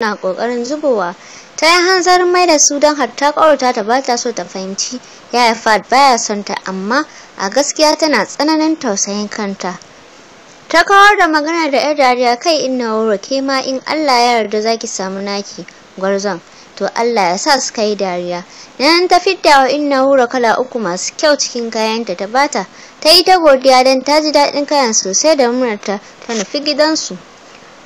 na kokarin zubowa ta yi hanzarin mai da su don hatta ƙawarta ta bata so ta fahimci ya fad baya son ta amma a gaskiya tana tsananin tausayin kanta ta kawar da magana da yar dariya kai na wuro ke ma in Allah ya yarda zaki samu naki gwarzon to Allah ya sa suka yi dariya nan ta fidda wa na wuro kala uku masu kyau cikin kayanta ta bata ta yi ta godiya don ta ji daɗin kayan sosai da murarta ta nufi gidansu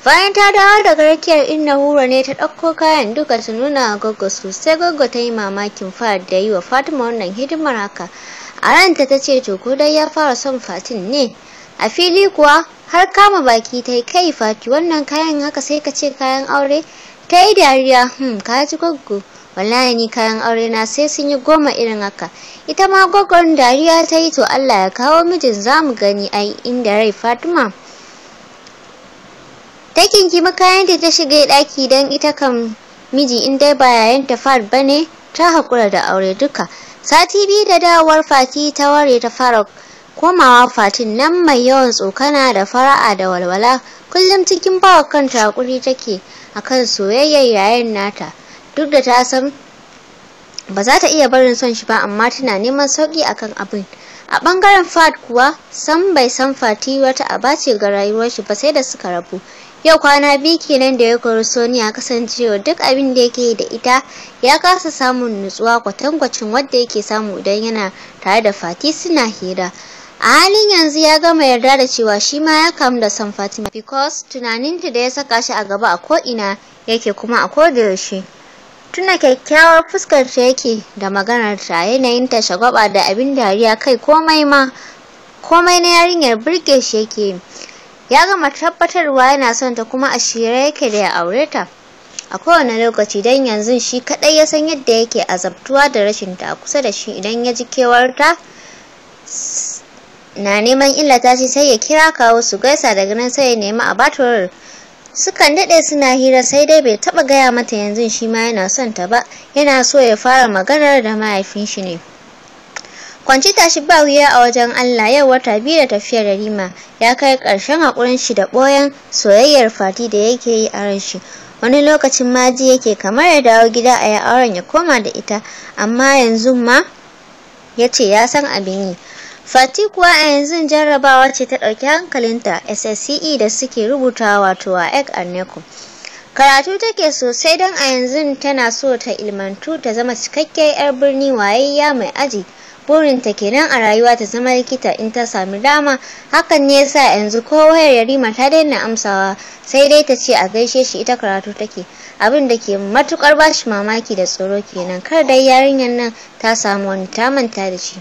bayan ta dawo daga rakiyar inna hura ne ta ɗauko kayan duka su nuna goggo gogo sosai gogo ta yi mamakin fara da yi wa fatima wannan hidimar haka a ranta ta ce to ko dai ya fara son fatin ne a fili kuwa har kama baki ta yi kai fati wannan kayan haka sai ka ce kayan aure ta yi dariya hmm ka ji gogo wallahi ni kayan aure na sai sun yi goma irin haka ita ma gogon dariya ta yi to allah ya kawo mijin za mu gani ai inda rai fatima takin ta makayan kayanta ta shiga ɗaki don ita kan miji in dai ba yayin ta far bane ta hakura da aure duka sati biyu da dawowar fati ta ware ta fara komawa fatin nan mai yawan tsokana da fara'a da walwala kullum cikin bawa kanta hakuri take akan soyayyar yayin nata duk da ta san ba za ta iya barin son shi ba amma tana neman sauki akan abin a bangaren fad kuwa san bai san fati wata aba ce ga rayuwar shi ba sai da suka rabu yau kwana biyu kenan da ya kori soniya kasancewa duk abin da yake da ita ya kasa samun nutsuwa kwatankwacin wadda yake samu idan yana tare da fati suna hira a halin yanzu ya gama yarda da cewa shi ma ya kamu da san fatima because tunaninta da ya saka shi a gaba a ko'ina yake kuma a kodayaushe tuna kyakkyawar fuskar ta yake da maganar maganarta ta shagwaba da abin dariya kai komai ma komai na yarinyar birge shi yake ya gama tabbatarwa yana son ta kuma a shirye yake da ya aure ta a kowane lokaci don yanzu shi kadai ya san yadda yake azabtuwa da rashin ta kusa da shi idan ya ji kewar ta na neman illata shi sai ya kira kawo su gaisa daga nan sai ya nemi a Su sukan daɗe suna hira sai dai bai taɓa gaya mata yanzu shi ma yana son ta ba yana so ya fara maganar da mahaifin shi ne kwanci tashi ba wuya a wajen Allah yau wata biyu da tafiyar da Rima ya kai ƙarshen haƙurin shi da ɓoyen soyayyar Fati da yake yi a ran shi wani lokacin ma ji yake kamar ya dawo gida a ya auren ya koma da ita amma yanzu ma ya ce ya san abin yi Fati kuwa a yanzu jarrabawa ce ta ɗauki hankalinta SSCE da suke rubutawa wato a Ek Arneco. Karatu take sosai don a yanzu tana so ta ilmantu ta zama cikakkiyar 'yar birni wayayya mai aji. burinta kenan a rayuwa ta zama likita in ta sami dama hakan ne yasa yanzu ko wayar yarima ta daina amsawa sai dai ta ce a gaishe shi ita karatu take abin da ke matukar bashi mamaki da tsoro kenan kar dai yarinyar nan ta samu wani ta manta da shi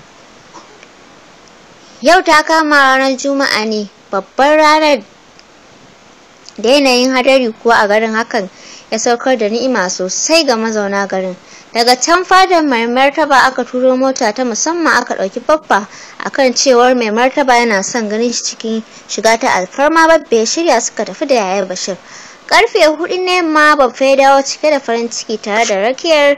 yau ta kama ranar juma'a ne babbar ranar da yanayin hadari kuwa a garin hakan ya saukar da ni'ima sosai ga mazauna garin daga can fadar mai martaba aka turo mota ta musamman aka ɗauki babba akan cewar mai martaba yana son ganin shi cikin shiga ta alfarma babba ya shirya suka tafi da yaya bashir karfe hudu ne ma babba ya dawo cike da farin ciki tare da rakiyar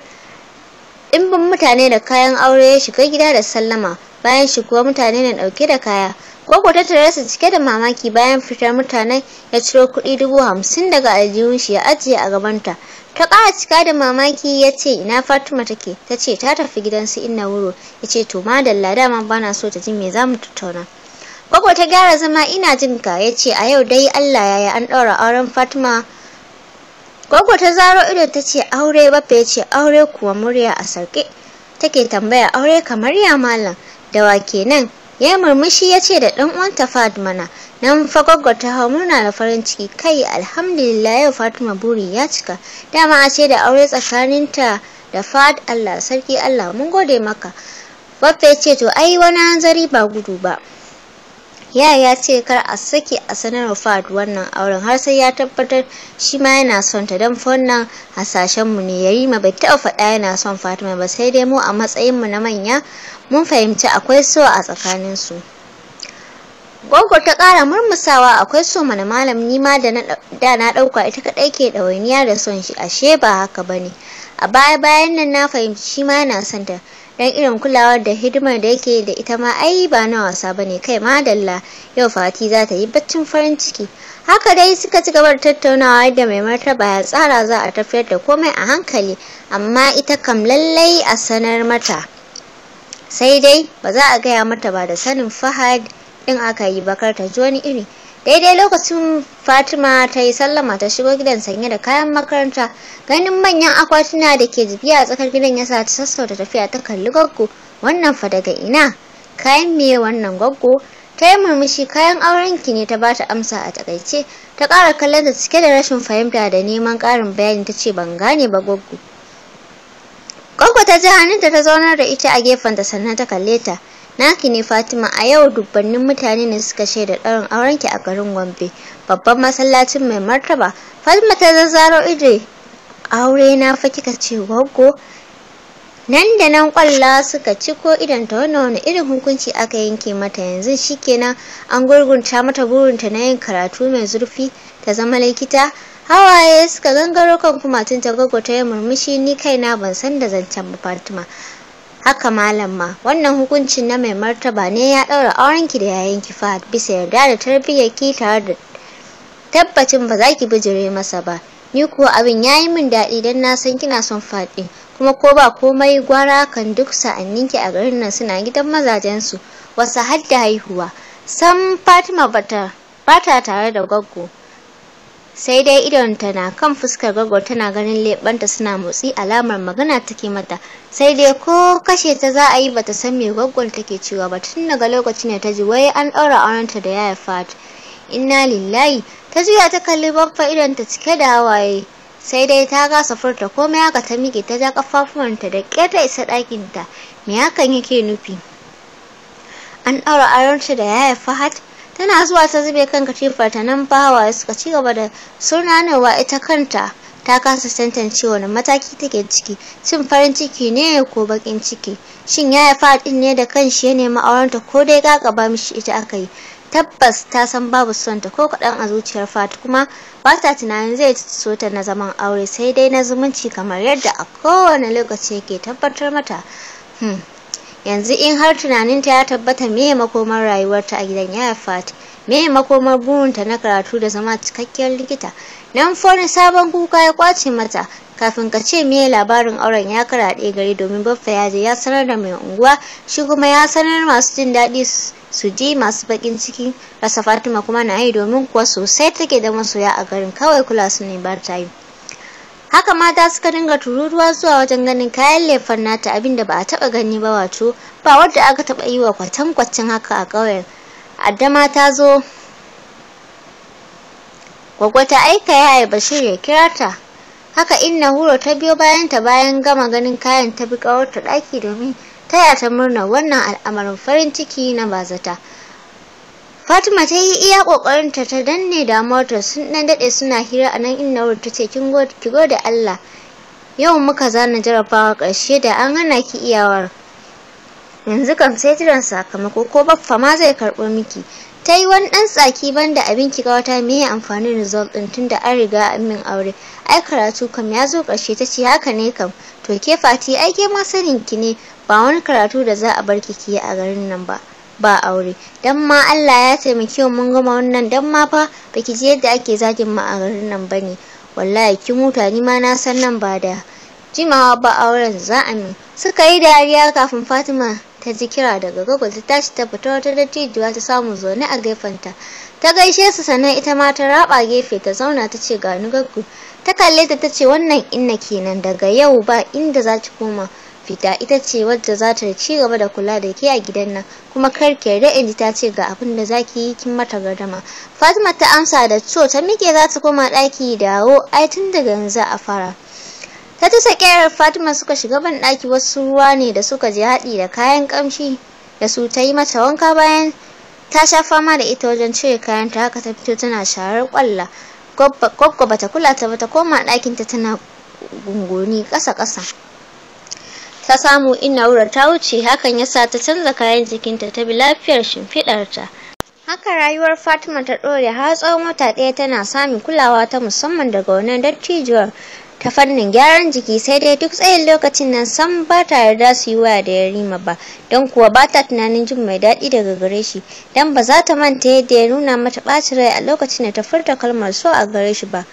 ɗimbin mutane da kayan aure ya shiga gida da sallama bayan shigo mutane na ɗauke da kaya Gwaggo ta tarasa cike da mamaki bayan fitar mutanen ya ciro kuɗi dubu hamsin daga aljihun shi ya ajiye a gabanta ta ƙara cika da mamaki ya ce ina fatima take ta ce ta tafi gidan su inna wuro ya ce to ma dalla dama na so ta ji me za mu tattauna gwagwa ta gyara zama ina jin ka ya ce a yau dai allah ya yi an ɗaura auren fatima gwagwa ta zaro idon ta ce aure ba ya ce aure kuwa murya a sarƙe take tambaya aure kamar ya malam da wa kenan ya murmushi ya ce da ɗan uwanta fadmana nan fagwagwa ta hau murna da farin ciki kai alhamdulillah yau fatima buri ya cika dama a ce da aure tsakaninta da fad allah sarki allah mun gode maka babba ya ce to ai wani hanzari ba gudu ba ya ya ce kar a sake a sanar fad wannan auren har sai ya tabbatar shi ma yana son ta don fonnan hasashen mu ne yarima bai taɓa faɗa yana son fatima ba sai dai mu a matsayin mu na manya mun fahimci akwai so a tsakaninsu. su Goggo ta ƙara murmusawa akwai so mana malam nima da na ɗauka ita kaɗai ke ɗawainiya da son shi ashe ba haka ba ne. A baya bayan nan na fahimci shi ma yana son ta don irin kulawar da hidimar da yake da ita ma ai ba na wasa ba ne kai dalla yau fati za ta yi baccin farin ciki. Haka dai suka ci gaba da tattaunawa yadda mai martaba ya tsara za a tafiyar da komai a hankali amma ita kam lallai a sanar mata. Sai dai ba za a gaya mata ba da sanin Fahad. In aka yi bakar ta ji wani iri daidai lokacin fatima ta yi sallama ta shigo gidan sanye da kayan makaranta ganin manyan akwatuna da ke jibiya a tsakar gidan ya sa ta sassauta tafiya ta kalli gwaggo wannan fa daga ina kayan meye wannan gwaggo ta yi murmushi kayan aurenki ne ta ba ta amsa a takaice ta ƙara kallon ta cike da rashin fahimta da neman ƙarin bayani ta ce ban gane ba gwaggo gwaggo ta ji hannunta ta zaunar da ita a gefen ta sannan ta kalle ta Naki ne Fatima a yau dubbannin mutane ne suka shaida ɗaurin aurenki a garin Gombe, babban masallacin mai martaba. Fatima ta zazzaro ido aure na fa kika ce goggo? Nan da nan kwalla suka ci ko idan ta wannan wani irin hukunci aka yanke mata yanzu shikenan an gurgunta mata burinta na yin karatu mai zurfi ta zama likita. Hawaye suka gangaro kan kumatun ta ta yi murmushi ni kaina ban san da zancen ba Fatima. haka malam ma wannan hukuncin na mai martaba ne ya ɗaura aurenki da yayin ki fa bisa yarda da tarbiyyar ki tare da tabbacin ba za ki bijire masa ba ni kuwa abin ya yi min daɗi don na san kina son faɗi kuma ko ba komai gwara kan duk sa'annin ki a garin nan suna gidan mazajensu wasu har da haihuwa San fatima bata tare da gwaggo sai dai idonta na kan fuskar gago tana ganin leɓanta suna motsi alamar magana take mata sai dai ko kashe ta za a yi bata san me gwaggon take cewa ba tun daga lokacin da ta ji wai an ɗaura aurenta da yaya fat inna lillahi ta juya ta kalli baffa idonta cike da hawaye sai dai ta gasa furta komai haka ta miƙe ta ja kafafuwanta da ƙyar ta isa ɗakinta me hakan yake nufi an ɗaura aurenta da yaya fahad tana zuwa ta zube kan katifar ta nan bawa suka ci gaba da surnanewa ita kanta ta kasa tantance wani mataki take ciki cin farin ciki ne ko bakin ciki shin ya yi faɗin ne da kanshi ya nemi aurenta ko dai gaba mishi ita aka yi tabbas ta san babu son ta ko kaɗan a zuciyar fat kuma ba ta tunanin zai so ta na zaman aure sai dai na zumunci kamar yadda a kowane lokaci yake tabbatar mata hmm. yanzu in har tunaninta ya tabbata me makomar rayuwarta a gidan yaya fati makomar burinta na karatu da zama cikakkiyar likita nan foni sabon kuka ya kwace mata kafin ka ce me labarin auren ya karaɗe gari domin baffa ya je ya sanar da mai unguwa shi kuma ya sanar masu jin daɗi su ji masu baƙin ciki rasa fatima kuma na yi domin kuwa sosai take da masoya a garin kawai kula su ne bar ta haka mata suka dinga tururuwa zuwa wajen ganin kayan lefan nata abinda ba a taba gani ba wato ba wadda aka taba yi wa kwatankwacin haka a ƙauyen Adama ta zo gwagwata ta aika yaya bashir ya kira ta haka inna huro ta biyo bayan ta bayan gama ganin kayan ta bi ta ɗaki domin taya ta murna wannan al'amarin farin ciki na bazata Fatima ta yi iya ƙoƙarin ta ta danne da damuwarta sun ɗan daɗe, suna hira a nan inna wurin tace kin gode ki gode Allah. Yau muka zana jarabawa ƙarshe da an hana ki iyawar. Yanzu kam sai jiran sakamako ko baffa ma zai karɓo miki. Ta yi wani ɗan tsaki banda abin ki ga wata me amfanin result ɗin tunda an riga an min aure. ai karatu kam ya zo ƙarshe ta ce haka ne kam to ke fati ai ke ma sanin ki ne ba wani karatu da za a bar ki yi a garin nan ba ba aure dan ma Allah ya taimake mu mun gama wannan dan ma fa baki ji yadda ake zagin mu a garin nan bane wallahi ki muta ni ma na san nan ba da jimawa ba auren za a mi. suka yi dariya kafin Fatima ta ji kira daga gogo ta tashi ta fita wata dattijuwa ta samu zaune a gefenta ta gaishe su sannan ita ma ta raba gefe ta zauna ta ce ni gaggu ta kalle ta ta ce wannan inna kenan daga yau ba inda za ki koma fita ita ce wadda za ta ci gaba da kula da ke a gidan nan kuma kar ki yarda inji ta ce ga abin da zaki yi kin mata gardama Fatima ta amsa da to ta mike za ta koma ɗaki dawo ai tun daga yanzu a fara ta tusa sakayar Fatima suka shiga ban ɗaki wasu ruwa ne da suka je haɗi da kayan ƙamshi da su ta yi mata wanka bayan ta sha fama da ita wajen cire kayan ta haka ta fito tana sharar kwalla gwabba bata kula ta ba ta koma ɗakinta tana gungoni ƙasa-ƙasa ta samu inawurar ta wuce hakan yasa ta canza kayan jikinta ta bi lafiyar shimfiɗarta haka rayuwar fatima ta ɗore har tsawon wata ɗaya tana samun kulawa ta musamman daga wannan dattijuwar ta fannin gyaran jiki sai dai duk tsayin lokacin nan san ba ta yarda su yi waya da yarima ba don kuwa ba ta tunanin jin mai daɗi daga gare shi don ba za ta manta yadda ya nuna mata ɓacin rai a lokacin da ta furta kalmar so a gare shi ba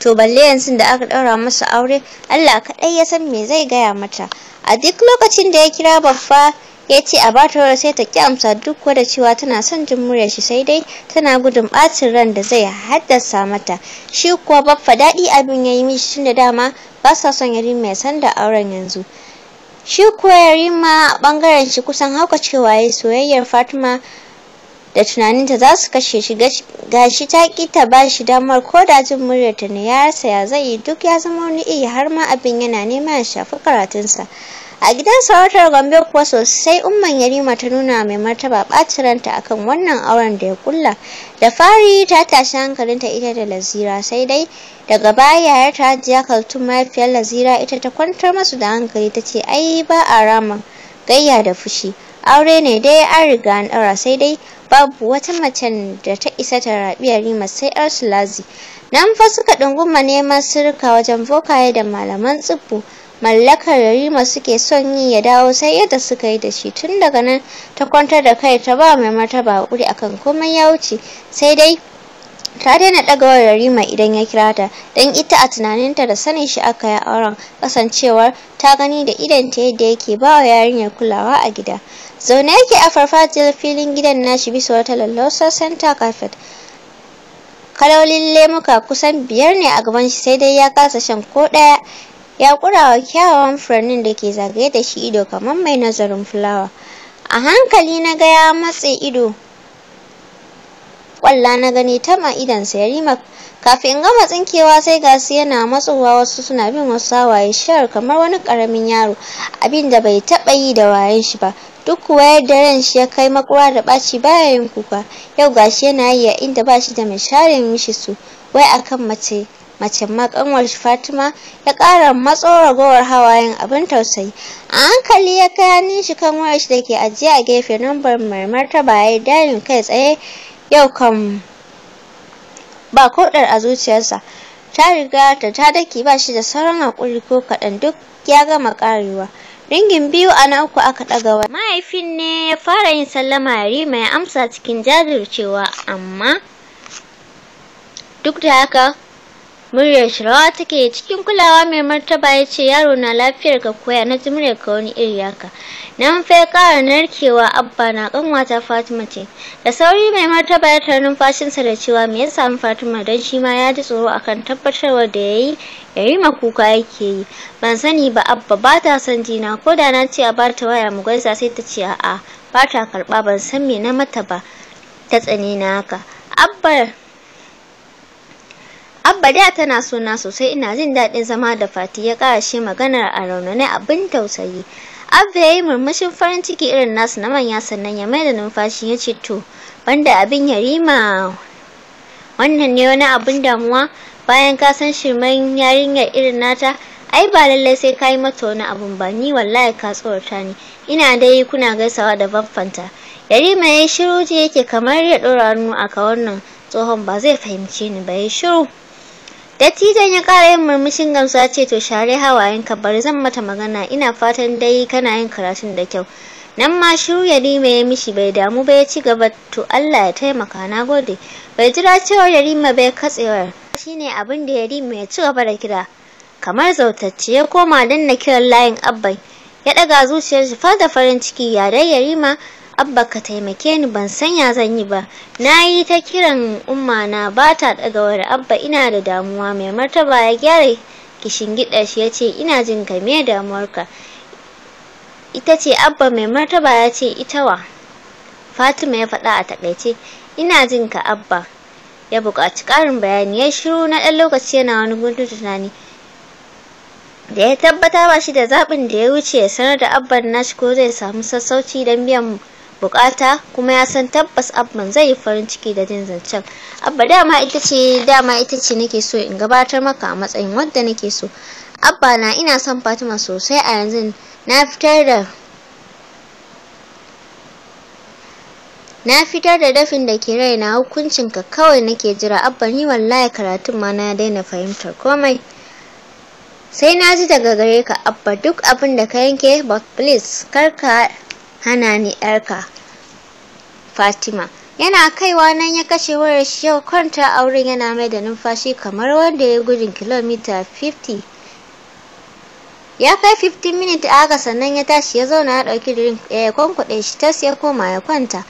to balle yanzu da aka daura masa aure Allah kaɗai ya san me zai gaya mata a duk lokacin da ya kira Babba ya ce a bata sai ta ki amsa duk wada cewa tana son jin muryar shi sai dai tana gudun ɓacin ran da zai haddasa mata shi kuwa baffa daɗi abin ya yi mishi tun da dama ba sa son yari mai san da auren yanzu shi kuwa yarima a bangaren shi kusan hauka cewa ya soyayyar fatima da tunaninta za su kashe shi gashi ta ki ta ba shi damar ko da jin muryarta ne ya rasa ya zai yi duk ya zama wani iya har ma abin yana nema ya shafi karatunsa a gidan sarautar gombe kuwa sosai umman yarima ta nuna mai martaba ɓacin ranta akan wannan auren da ya kulla da fari ta tashi hankalinta ita da lazira sai dai daga baya yayar ta hajiya kaltun mahaifiyar lazira ita ta kwantar masu da hankali ta ce ai ba a rama gayya da fushi aure ne dai an riga an ɗaura sai dai babu wata mace da ta isa ta rabi yarima sai yar sulazi nan fa suka ɗunguma neman sirka wajen bokaye da malaman tsibbu mallakar yarima suke son yi ya dawo sai yadda suka yi da shi tun daga nan ta kwantar da kai ta ba mai martaba wuri akan komai ya wuce sai dai ta daina ɗagawar yarima idan ya kira ta don ita a tunaninta da sanin shi aka yi auren kasancewar ta gani da ta yadda yake ba wa yarinyar kulawa a gida zaune yake a farfajiyar filin gidan nashi bisa wata lallausar santa carpet kalolin lemuka kusan biyar ne a gaban shi sai dai ya kasa shan ko ɗaya ya kurawa kyawawan furannin da ke zagaye da shi ido kamar mai nazarin fulawa a hankali na ga ya matse ido kwalla na gani ta ma sa ya rima kafin in gama tsinkewa sai ga su yana matsowa wasu suna bin wasu hawaye shiyar kamar wani karamin yaro abin da bai taba yi da wayen shi ba duk kuwa yadda ran shi ya kai makura da baci baya yin kuka yau gashi yana yi a inda ba shi da mai share mishi su wai akan mace macen makanwar Fatima ya kara matso ragowar hawayen abin tausayi. A hankali ya kai hannun shi kan wayar shi da ke ajiye a gefe nambar mai martaba ya dalin kai tsaye yau kam ba koɗar a zuciyarsa ta riga ta ta daki ba shi da sauran haƙuri ko kaɗan duk ya gama ƙarewa. ringin biyu a na uku aka ɗaga wa mahaifin ne ya fara yin sallama yari mai amsa cikin jajircewa amma duk da haka muryar shirawa take cikin kulawa mai martaba ya ce yaro na lafiyar ka koya na jimre ga ka wani iri yaka nan fa ya narkewa abba na kanwata fatima ce da sauri mai martaba ya tara numfashinsa da cewa me ya samu fatima don shi ma ya ji tsoro akan tabbatarwa da ya yi ya yi makuka yake yi ban sani ba abba ba ta san jina ko da na ce a ba ta waya mu gaisa sai ta ce a'a ba ta karɓa ban san me na mata ba ta tsane na haka abba Abba da tana suna sosai ina jin daɗin zama da Fati ya shi maganar a raunane abin tausayi. Abba ya yi murmushin farin ciki irin nasu na manya sannan ya da numfashi ya ce to banda abin Yarima, wannan ne wani abin damuwa bayan ka san shirman yarinyar irin nata ai ba lallai sai ka yi mata wani abun ba ni wallahi ka tsorata ni ina dai kuna gaisawa da baffanta yarima ya yi shiru je yake kamar ya ɗora hannu a ka wannan tsohon ba zai fahimce ni ba ya shiru Dattijan ya ƙara yin murmushin gamsuwa ce to share hawayen ka bari zan mata magana ina fatan dai kana yin karatun da kyau. Nan ma shiru Yarima ya mishi bai damu ba ya ci gaba to Allah ya taimaka na gode. Bai jira cewar Yarima bai katsewar. Shi ne abin da Yarima ya ci gaba da kira. Kamar zautacce ya koma danna kiran layin abban. Ya ɗaga zuciyar shi da farin ciki ya dai Yarima abba ka taimake ni ban san ya zan yi ba na yi ta kiran umma na ba ta daga wani abba ina da damuwa mai martaba ya gyara kishin gida shi ya ce ina jin ka me damuwarka ita ce abba mai martaba ya ce ita wa fatima ya faɗa a takaice ina jin ka abba ya buƙaci ƙarin bayani ya shiru na ɗan lokaci yana wani gudun tunani da ya tabbata ba shi da zaɓin da ya wuce ya sanar da abban nashi ko zai samu sassauci don biyan bukata kuma ya san tabbas abban zai yi farin ciki da jin zancen abba dama ita ce dama ita ce nake so in gabatar maka a matsayin wadda nake so abba na ina son fatima sosai a yanzu na fitar da na fitar da dafin da ke raina ka kawai nake jira abba ni wallahi karatun ma na daina fahimtar komai sai na ji daga gare ka abba duk abin da ka yanke but please kar ka hana ni ɗarka fatima yana kaiwa nan ya kashe wayar shi yau kwanta a wurin yana mai da numfashi kamar wanda ya gudun kilomita 50 ya kai 15 minit aka sannan ya tashi ya zauna ya ɗauki drink eh, ya kwankwaɗe shi tas ya koma ya kwanta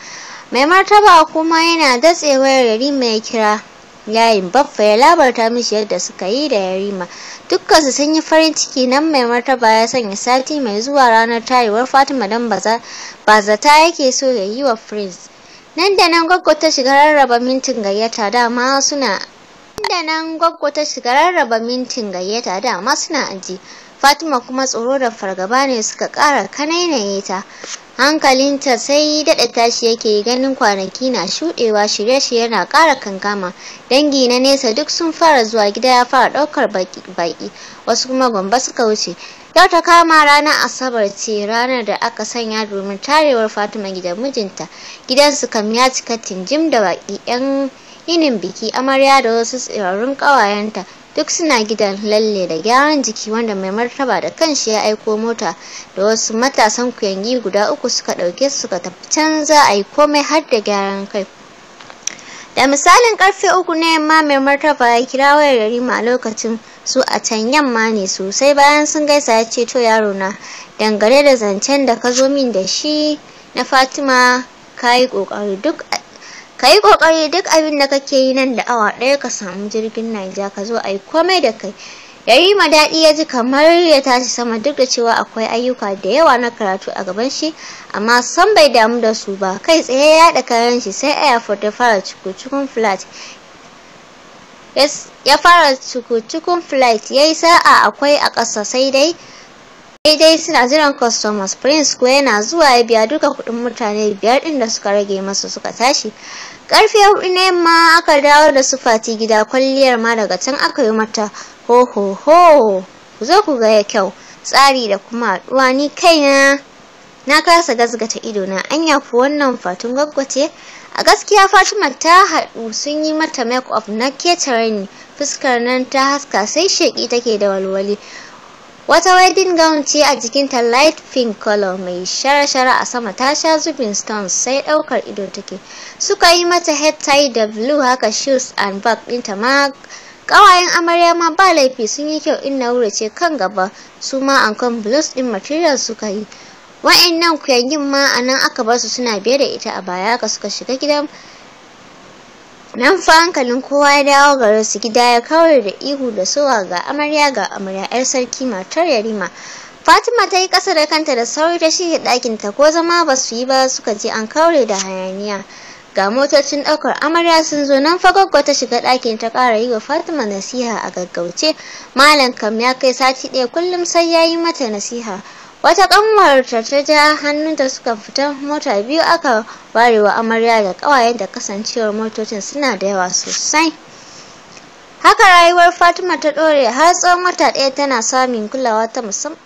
mai martaba kuma yana datse wayar yarima ya kira yayin baffa ya labarta mishi yadda suka yi da yarima dukkansu sun yi farin ciki nan mai martaba ya sanya sati mai zuwa ranar tayewar fatima don bazata yake so ya yi wa prince nan da nan gwaggo ta shiga rarraba mintin gayyata dama suna da nan gwaggo ta shiga rarraba mintin gayyata dama suna aji fatima kuma tsoro da fargaba ne suka ƙara kanainaye ta hankalinta sai dada tashi yake ganin kwanaki na shuɗewa shirye-shirye na ƙara kankama dangi na nesa duk sun fara zuwa gida ya fara ɗaukar baƙi wasu kuma gombe suka wuce yau ta kama ranar asabar ce ranar da aka sanya domin tarewar fatima gida mijinta gidansu kam ya cika tinjim da baki 'yan yinin biki amarya da wasu tsirarun ƙawayenta duk suna gidan lalle da gyaran jiki wanda mai martaba da kanshi ya aiko mota da wasu matasan kuyangi guda uku suka ɗauke suka tafi can za a yi komai har da gyaran kai da misalin karfe uku na yamma mai martaba ya kira wayar yarima a lokacin su a can yamma ne sosai bayan sun gaisa ya ce to yaro na dangare da zancen da ka zo min da shi na fatima ka yi ƙoƙari duk ka yi ƙoƙari duk abin da kake yi nan da awa ɗaya ka samu jirgin Naija ka zo a yi komai da kai. Yayi ma daɗi ya ji kamar ya tashi sama duk da cewa akwai ayyuka da yawa na karatu a gaban shi, amma san bai damu da su ba, kai tsaye ya haɗa kayan shi sai airport ya fara cikin flat. Ya fara cikin flat ya yi sa'a akwai a ƙasa sai dai dai suna jiran customers prince kuwa yana zuwa ya biya duka kuɗin mutane biyar ɗin da suka rage masa suka tashi Karfe hudu ne ma aka dawo da su fati gida kwalliyar ma daga can aka yi mata ho ho ho. zo ku ga ya kyau. Tsari da kuma haɗuwa ni kaina na kasa ido na anya ku wannan fatun gwaggwace a gaskiya Fatima ta haɗu sun yi mata make up na ketare ne fuskar nan ta haska sai sheƙi take da walwali Wata wedding gown ce a jikinta light pink color mai shara-shara a sama ta sha zubin stones sai ɗaukar ido take. Suka yi mata head tie da blue haka shoes and bag ɗinta ma Ƙawayen amarya ma ba laifi sun yi kyau in wuri ce kan gaba su ma ankon blues ɗin material suka yi. Wa'annan kuyangin ma a nan aka basu suna biye da ita a baya ka suka shiga gidan nan fa hankalin kowa ya dawo ga rasu gida ya kawar da ihu da sowa ga amarya ga amarya yar sarki matar yarima fatima ta yi ƙasa da kanta da sauri ta shige ɗakin ta ko zama ba su yi ba suka je an kaure da hayaniya ga motocin ɗaukar amarya sun zo nan fa gaggo ta shiga ɗakin ta ƙara yi wa fatima nasiha a gaggauce malam kam ya kai sati ɗaya kullum sai ya yi mata nasiha wata kanwarta ta ja hannunta suka fita mota biyu aka barewa amarya da kawayen da kasancewar motocin suna da yawa sosai haka rayuwar fatima ta dore har tsawon wata ɗaya tana samun kulawa ta musamman